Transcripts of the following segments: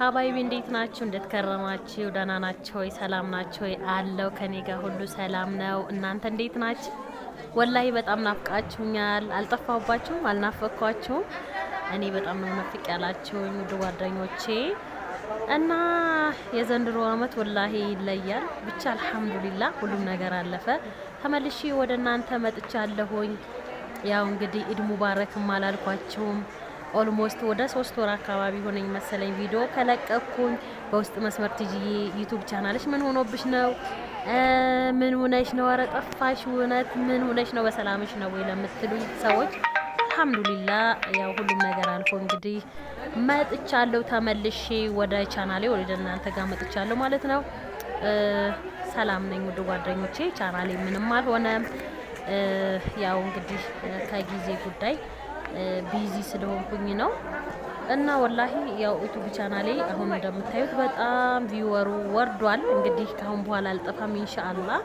ሀባይቢ እንዴት ናችሁ? እንዴት ከረማችሁ? ደህና ናችሁ ወይ? ሰላም ናችሁ ወይ? አለው ከኔ ጋር ሁሉ ሰላም ነው። እናንተ እንዴት ናችሁ? ወላሂ በጣም ናፍቃችሁኛል። አልጠፋሁባችሁም፣ አልናፈኳችሁም። እኔ በጣም ነው ነፍቅ ያላችሁኝ ውድ ጓደኞቼ እና የዘንድሮ አመት ወላሂ ይለያል። ብቻ አልሐምዱሊላ ሁሉም ነገር አለፈ። ተመልሼ ወደ እናንተ መጥቻለሁኝ። ያው እንግዲህ ኢድ ሙባረክም አላልኳችሁም ኦልሞስት ወደ ሶስት ወር አካባቢ ሆነኝ መሰለኝ ቪዲዮ ከለቀኩኝ። በውስጥ መስመር ትጅዬ ዩቱብ ቻናልሽ ምን ሆኖብሽ ነው? ምን ሆነሽ ነው? ኧረ ጠፋሽ እውነት ምን ሆነሽ ነው? በሰላምሽ ነው ወይ ለምትሉኝ ሰዎች አልሐምዱሊላ ያው ሁሉም ነገር አልፎ እንግዲህ መጥቻለሁ። ተመልሼ ወደ ቻናሌ ወደ እናንተ ጋር መጥቻለሁ ማለት ነው። ሰላም ነኝ ውድ ጓደኞቼ። ቻናሌ ምንም አልሆነም። ያው እንግዲህ ከጊዜ ጉዳይ ቢዚ ስለሆንኩኝ ነው። እና ወላሂ ያው ዩቱብ ቻናሌ አሁን እንደምታዩት በጣም ቪወሩ ወርዷል። እንግዲህ ካሁን በኋላ አልጠፋም ኢንሻአላህ።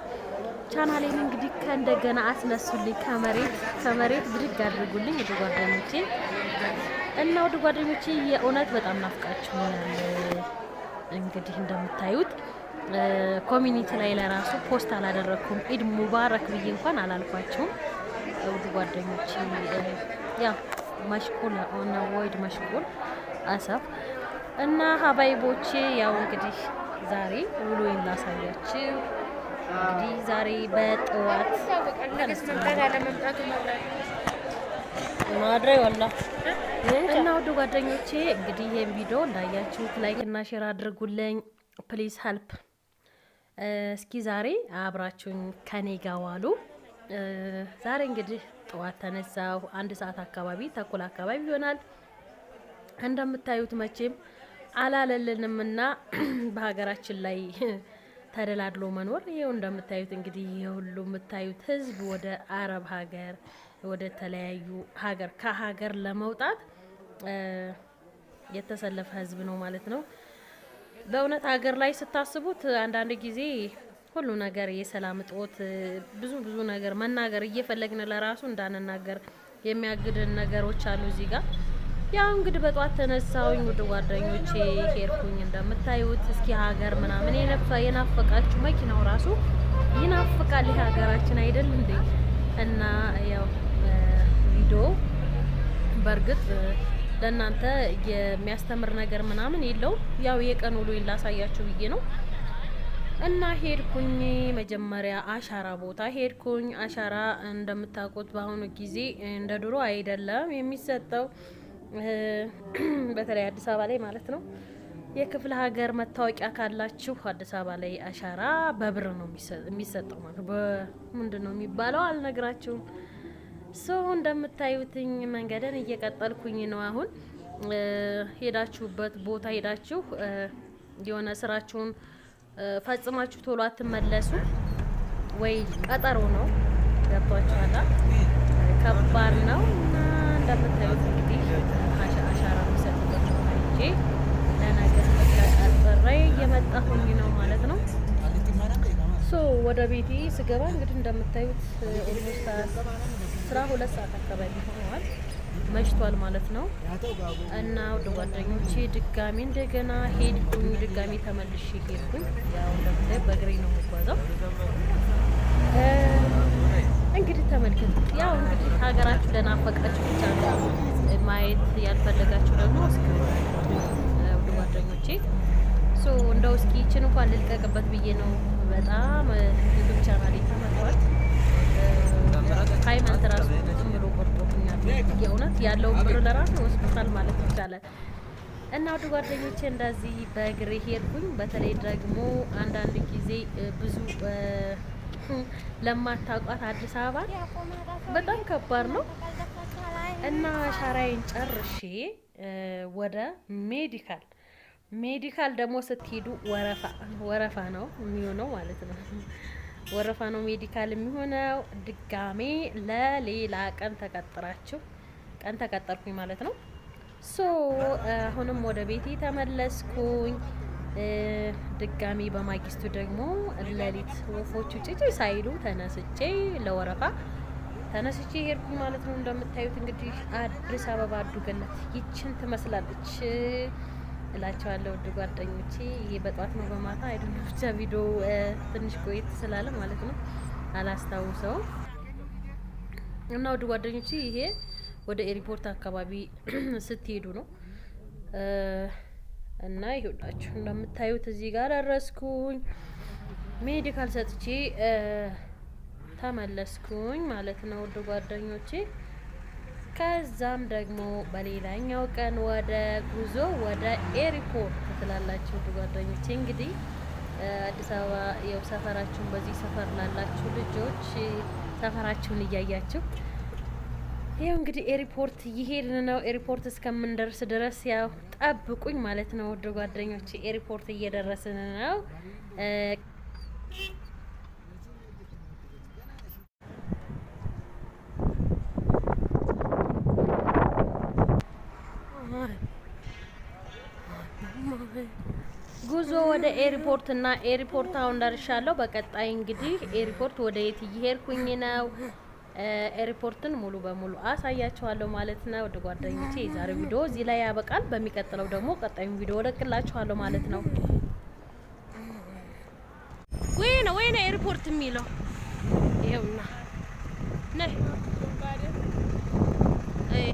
ቻናሌን እንግዲህ ከእንደገና አስነሱልኝ፣ ከመሬት ከመሬት ብድግ አድርጉልኝ ወደ ጓደኞቼ እና ወደ ጓደኞቼ የእውነት በጣም ናፍቃችሁኛል። እንግዲህ እንደምታዩት ኮሚኒቲ ላይ ለራሱ ፖስት አላደረኩም። ኢድ ሙባረክ ብዬ እንኳን አላልኳቸውም ውድ ጓደኞቼ ያ መሽጉል ሆነ ወይድ መሽጉል አሰብ እና ሀባይቦቼ ያው እንግዲህ ዛሬ ውሎዬን ላሳያችሁ። እንግዲህ ዛሬ በጠዋት ማድረግ ወላ እና ወደ ጓደኞቼ እንግዲህ ይህን ቪዲዮ እንዳያችሁት ላይክ እና ሼር አድርጉልኝ ፕሊዝ ሀልፕ። እስኪ ዛሬ አብራችሁኝ ከኔ ጋር ዋሉ። ዛሬ እንግዲህ ጠዋት ተነሳሁ። አንድ ሰዓት አካባቢ ተኩል አካባቢ ይሆናል። እንደምታዩት መቼም አላለልንም በሀገራችን ላይ ተደላድሎ መኖር ይኸው እንደምታዩት እንግዲህ የሁሉ የምታዩት ህዝብ ወደ አረብ ሀገር ወደ ተለያዩ ሀገር ከሀገር ለመውጣት የተሰለፈ ህዝብ ነው ማለት ነው። በእውነት ሀገር ላይ ስታስቡት አንዳንድ ጊዜ ሁሉ ነገር የሰላም እጦት ብዙ ብዙ ነገር መናገር እየፈለግን ለራሱ እንዳንናገር የሚያግድን ነገሮች አሉ እዚህ ጋር። ያው እንግዲህ በጧት ተነሳውኝ ውድ ጓደኞቼ ሄድኩኝ። እንደምታዩት እስኪ ሀገር ምናምን የናፈቃችሁ መኪናው ራሱ ይናፍቃል። ይህ ሀገራችን አይደል እንዴ? እና ያው ቪዲዮ በእርግጥ ለእናንተ የሚያስተምር ነገር ምናምን የለውም። ያው የቀን ውሎዬን ላሳያችሁ ብዬ ነው። እና ሄድኩኝ። መጀመሪያ አሻራ ቦታ ሄድኩኝ። አሻራ እንደምታውቁት በአሁኑ ጊዜ እንደ ድሮ አይደለም የሚሰጠው፣ በተለይ አዲስ አበባ ላይ ማለት ነው። የክፍለ ሀገር መታወቂያ ካላችሁ አዲስ አበባ ላይ አሻራ በብር ነው የሚሰጠው። ማለት ምንድን ነው የሚባለው አልነግራችሁም። ሶ እንደምታዩትኝ መንገድን እየቀጠልኩኝ ነው። አሁን ሄዳችሁበት ቦታ ሄዳችሁ የሆነ ስራችሁን ፈጽማችሁ ቶሎ አትመለሱ ወይ ቀጠሮ ነው። ገብቷችኋል። ከባድ ነው እና እንደምታዩት እንግዲህ አሻራ የሚሰጥበት ቦታ እንጂ ለነገ ተቀጥሬ እየመጣሁኝ ነው ማለት ነው። ሶ ወደ ቤቴ ስገባ እንግዲህ እንደምታዩት ኦልሞስት ስራ ሁለት ሰዓት አካባቢ ሆነዋል። መሽቷል ማለት ነው። እና ወደ ጓደኞቼ ድጋሚ እንደገና ሄድኩኝ። ድጋሚ ተመልሼ ሄድኩኝ። ያው እንደምታይ በእግሬ ነው የምጓዘው። እንግዲህ ተመልከቱ። ያው እንግዲህ ሀገራችሁ ለናፈቃችሁ ብቻ ነው ማየት ያልፈለጋችሁ ደግሞ ወደ ጓደኞቼ ሶ እንደው እስኪ ይችን እንኳን ልልቀቅበት ብዬ ነው። በጣም ዩቱብ ቻናል ተመቷል። ሃይማኖት ራሱ የእውነት ያለው ብር ለራሱ ሆስፒታል ማለት ይቻላል። እና ወደ ጓደኞቼ እንደዚህ በእግሬ ሄድኩኝ። በተለይ ደግሞ አንዳንድ ጊዜ ብዙ ለማታውቋት አዲስ አበባ በጣም ከባድ ነው እና ሻራዬን ጨርሼ ወደ ሜዲካል ሜዲካል ደግሞ ስትሄዱ ወረፋ ወረፋ ነው የሚሆነው ማለት ነው። ወረፋ ነው ሜዲካል የሚሆነው። ድጋሜ ለሌላ ቀን ተቀጥራችሁ ቀን ተቀጠርኩኝ ማለት ነው። ሶ አሁንም ወደ ቤቴ ተመለስኩኝ። ድጋሜ በማግስቱ ደግሞ ለሊት ወፎቹ ጭጭ ሳይሉ ተነስቼ ለወረፋ ተነስቼ ሄድኩኝ ማለት ነው። እንደምታዩት እንግዲህ አዲስ አበባ አዱ ገነት ይችን ትመስላለች። እላቸዋለሁ ውድ ጓደኞቼ። ይሄ በጠዋት ነው በማታ አይደል? ብቻ ቪዲዮ ትንሽ ቆየት ስላለ ማለት ነው አላስታውሰው እና ውድ ጓደኞቼ ይሄ ወደ ኤሪፖርት አካባቢ ስትሄዱ ነው እና ይሄውላችሁ እንደምታዩት እዚህ ጋር ደረስኩኝ። ሜዲካል ሰጥቼ ተመለስኩኝ ማለት ነው ውድ ጓደኞቼ። ከዛም ደግሞ በሌላኛው ቀን ወደ ጉዞ ወደ ኤሪፖርት ትላላችሁ ጓደኞቼ። እንግዲህ አዲስ አበባ ያው ሰፈራችሁን በዚህ ሰፈር ላላችሁ ልጆች ሰፈራችሁን እያያችሁ ይኸው እንግዲህ ኤሪፖርት እየሄድን ነው። ኤሪፖርት እስከምንደርስ ድረስ ያው ጠብቁኝ ማለት ነው ውድ ጓደኞቼ። ኤሪፖርት እየደረስን ነው። ጉዞ ወደ ኤርፖርት እና ኤርፖርት አሁን ደርሻለሁ። በቀጣይ እንግዲህ ኤርፖርት ወደ የት እየሄድኩኝ ነው ኤርፖርትን ሙሉ በሙሉ አሳያችኋለሁ ማለት ነው። ወደ ጓደኞቼ የዛሬው ቪዲዮ እዚህ ላይ ያበቃል። በሚቀጥለው ደግሞ ቀጣዩን ቪዲዮ ለቅላችኋለሁ ማለት ነው። ወይ ነው ኤርፖርት የሚለው ይሄውና ነህ